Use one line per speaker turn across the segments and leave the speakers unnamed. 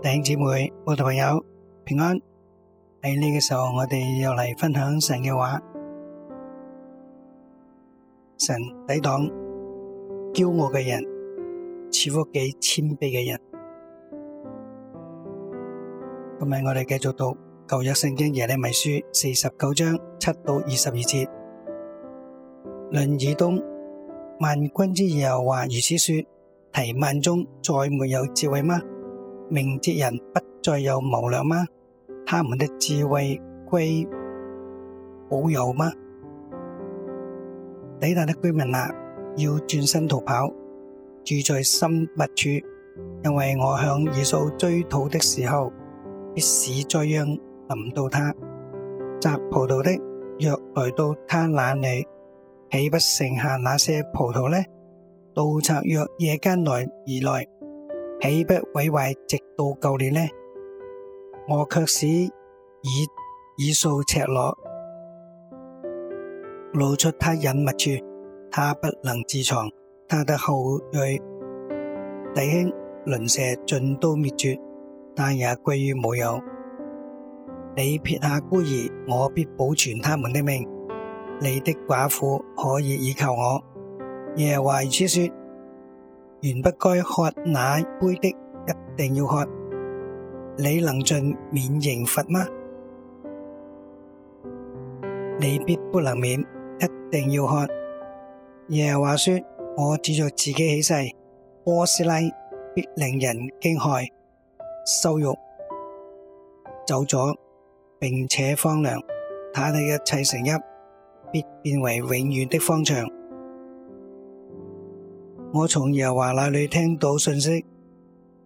弟兄姊妹、我同朋友平安！喺呢個時候，我哋又嚟分享神嘅話。神抵擋驕傲嘅人，似乎幾謙卑嘅人。今日我哋繼續讀舊約聖經耶利米書四十九章七到二十二節。論以東，萬軍之耶和華如此說：提幔中再沒有智慧嗎？明哲人不再有謀略嗎？他們的智慧歸保有嗎？底但的居民啊，要轉身逃跑，住在深密處，因為我向以掃追討的時候，必使災殃臨到他。摘葡萄的若來到他那裏，豈不剩下那些葡萄呢？盜賊若夜間來而來。豈不毀壞？直到舊年呢，我卻使以以掃赤裸，露出他隱密處。他不能自藏，他的後裔弟兄鄰舍盡都滅絕，但也歸於無有。你撇下孤兒，我必保存他們的命。你的寡婦可以倚靠我。耶和華如此說。原不該喝那杯的，一定要喝。你能盡免刑罰嗎？你必不能免，一定要喝。耶和華說，我指著自己起誓，波斯拉必令人驚駭、羞辱。走咗，並且荒涼，他的一切城邑，必變為永遠的荒場。我從耶華那裏聽到信息，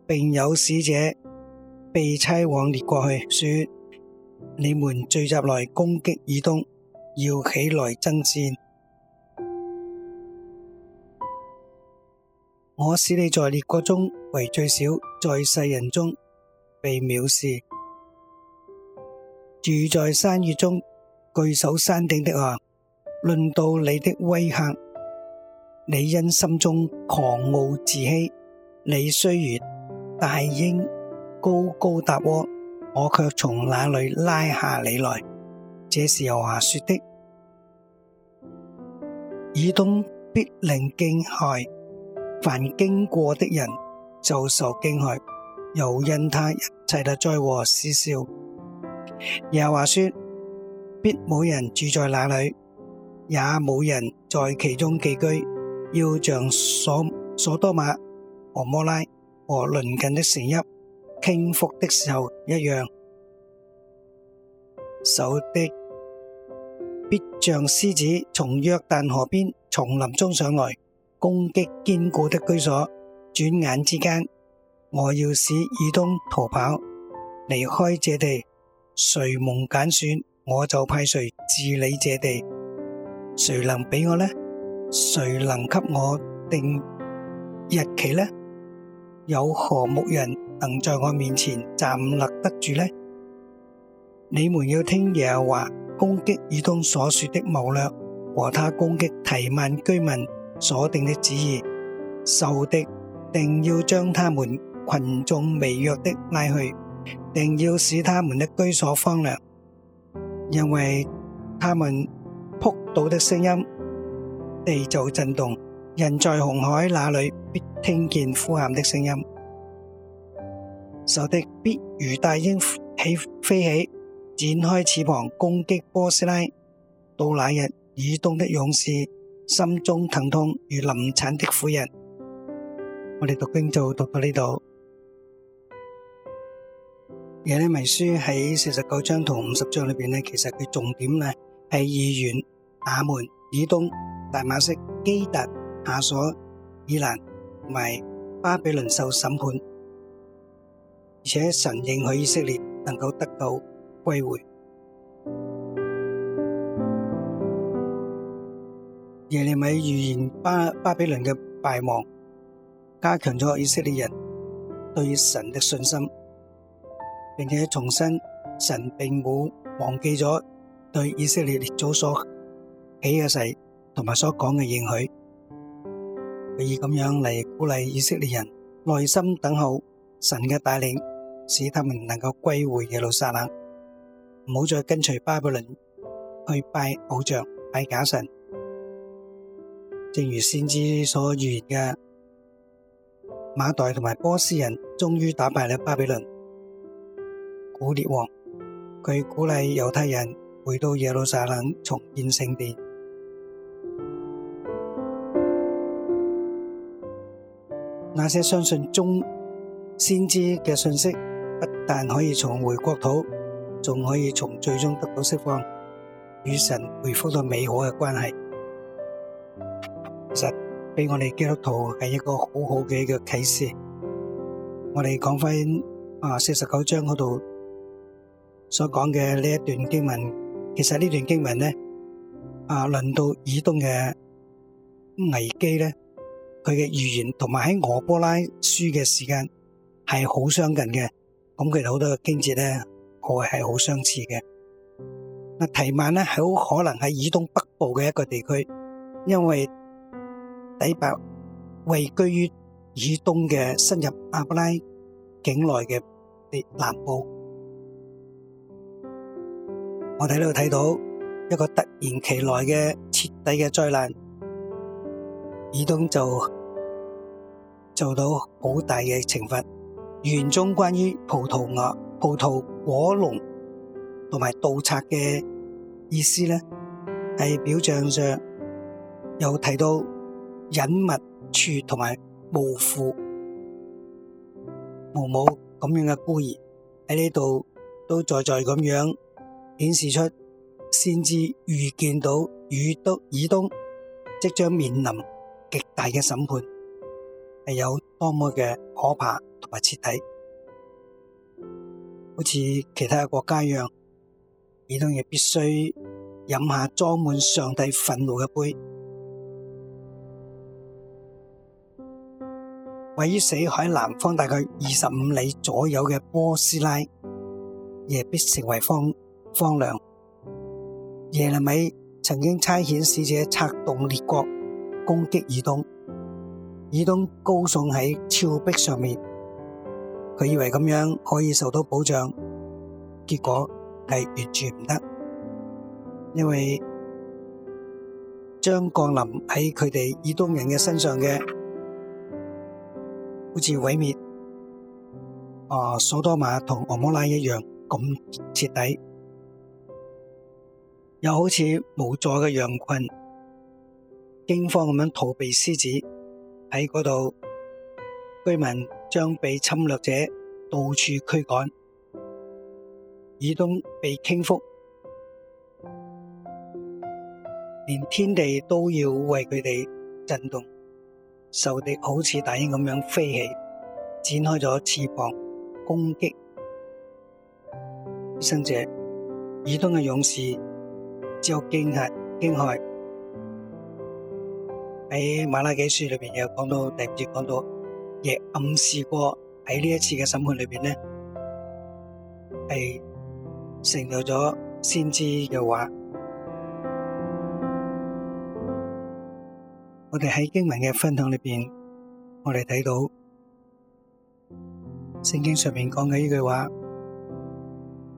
並有使者被差往列國去，說：你們聚集來攻擊以東，要起來爭戰。我使你在列國中為最小，在世人中被藐視，住在山穴中，據守山頂的啊，論到你的威嚇。你因心中狂傲自欺，你雖如大鷹高高搭窩，我卻從那裡拉下你來。這是耶和華說的，以東必令驚駭，凡經過的人就受驚駭，又因他一切的災禍嗤笑。耶和華說必冇人住在那裡，也冇人在其中寄居。要像所所多瑪蛾摩拉和鄰近的城邑傾覆的時候一樣，仇敵必像獅子從約旦河邊叢林中上來攻擊堅固的居所。轉眼之間，我要使以東逃跑，離開這地。誰蒙揀選，我就派誰治理這地。誰能俾我呢？誰能給我定日期呢？有何牧人能在我面前站立得住呢？你們要聽耶和華攻擊以東所說的謀略，和他攻擊提曼居民所定的旨意。仇敵定要將他們群眾微弱的拉去，定要使他們的居所荒涼，因為他們撲倒的聲音。地就震動，人在紅海那裏必聽見呼喊的聲音。仇敵必如大鷹起飛起，展開翅膀攻擊波斯拉。到那日，以東的勇士心中疼痛，如臨產的婦人。我哋讀經就讀到呢度。而呢文書喺四十九章同五十章裏邊呢，其實佢重點呢係以攔亞捫、以東。大馬色基達、夏瑣、以攔同埋巴比倫受審判，而且神認許以色列能夠得到歸回。耶利米預言巴巴比倫嘅敗亡，加強咗以色列人對神的信心，並且重申神並冇忘記咗對以色列列祖所起嘅誓。同埋所講嘅應許，佢以咁樣嚟鼓勵以色列人耐心等候神嘅帶領，使他們能夠歸回耶路撒冷，唔好再跟隨巴比倫去拜偶像、拜假神。正如先知所預言嘅，馬代同埋波斯人終於打敗了巴比倫，古列王，佢鼓勵猶太人回到耶路撒冷重建聖殿。那些相信中先知嘅信息，不但可以重回國土，仲可以從最終得到釋放，與神回復到美好嘅關係。其實俾我哋基督徒係一個好好嘅一個啟示。我哋講翻啊四十九章嗰度所講嘅呢一段經文，其實呢段經文咧啊，輪到以東嘅危機咧。佢嘅預言同埋喺俄波拉輸嘅時間係好相近嘅，咁佢哋好多嘅經節咧，我係好相似嘅。那提曼咧，好可能喺以東北部嘅一個地區，因為底巴位居於以東嘅深入阿波拉境內嘅南部。我哋呢度睇到一個突然其來嘅徹底嘅災難。以東就受到好大嘅懲罰。原中關於葡萄牙葡萄果龍同埋盜賊嘅意思咧，喺表象上又提到隱密處同埋無父無母咁樣嘅孤兒喺呢度都在在咁樣顯示出，先至預見到以東以東即將面臨。極大嘅審判係有多麼嘅可怕同埋徹底，好似其他嘅國家一樣，爾東亦必須飲下裝滿上帝憤怒嘅杯。位於死海南方大概二十五里左右嘅波斯拉，亦必成為荒荒涼。耶利米曾經差遣使者策動列國攻擊以東，以東高聳喺峭壁上面，佢以為咁樣可以受到保障，結果係完全唔得，因為將降臨喺佢哋以東人嘅身上嘅，好似毀滅啊，所多瑪同蛾摩拉一樣咁徹底，又好似無助嘅羊群。驚慌咁樣逃避獅子喺嗰度，居民將被侵略者到處驅趕，以東被傾覆，連天地都要為佢哋震動，仇敵好似大鷹咁樣飛起，展開咗翅膀攻擊犧牲者，以東嘅勇士只有驚吓驚駭。驚喺《馬拉基書》裏邊有講到，第五節講到，亦暗示過喺呢一次嘅審判裏邊呢係成就咗先知嘅話。我哋喺經文嘅分享裏邊，我哋睇到聖經上面講嘅呢句話，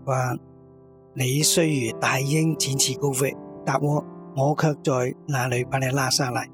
話你雖如大鷹展翅高飛，但我我卻在那裏把你拉上嚟。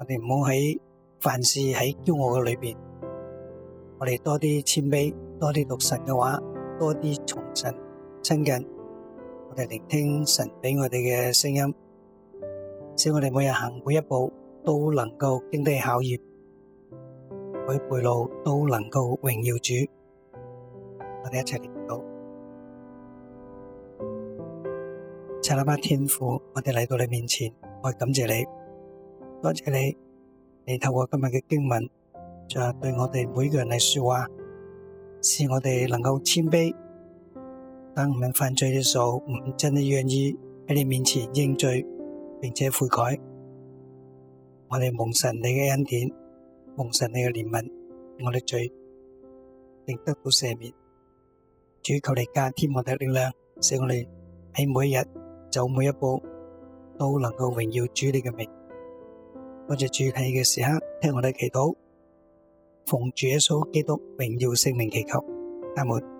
我哋唔好喺凡事喺驕傲嘅裏邊，我哋多啲謙卑，多啲讀神嘅話，多啲重信親近，我哋聆聽神俾我哋嘅聲音，使我哋每日行每一步都能夠經得起考驗，每一步路都能夠榮耀主。我哋一齊嚟到，謝喇班天父，我哋嚟到你面前，我感謝你。多謝你，你透過今日嘅經文，就係對我哋每個人嚟說話使我哋能夠謙卑，當唔係犯罪嘅時候，唔真係願意喺你面前認罪，並且悔改。我哋蒙神你嘅恩典，蒙神你嘅憐憫，我哋罪並得到赦免。主求你加添我哋力量，使我哋喺每一日走每一步都能夠榮耀主你嘅名。我哋主題嘅時刻，聽我哋祈禱，奉主耶穌基督榮耀聖名祈求，阿門。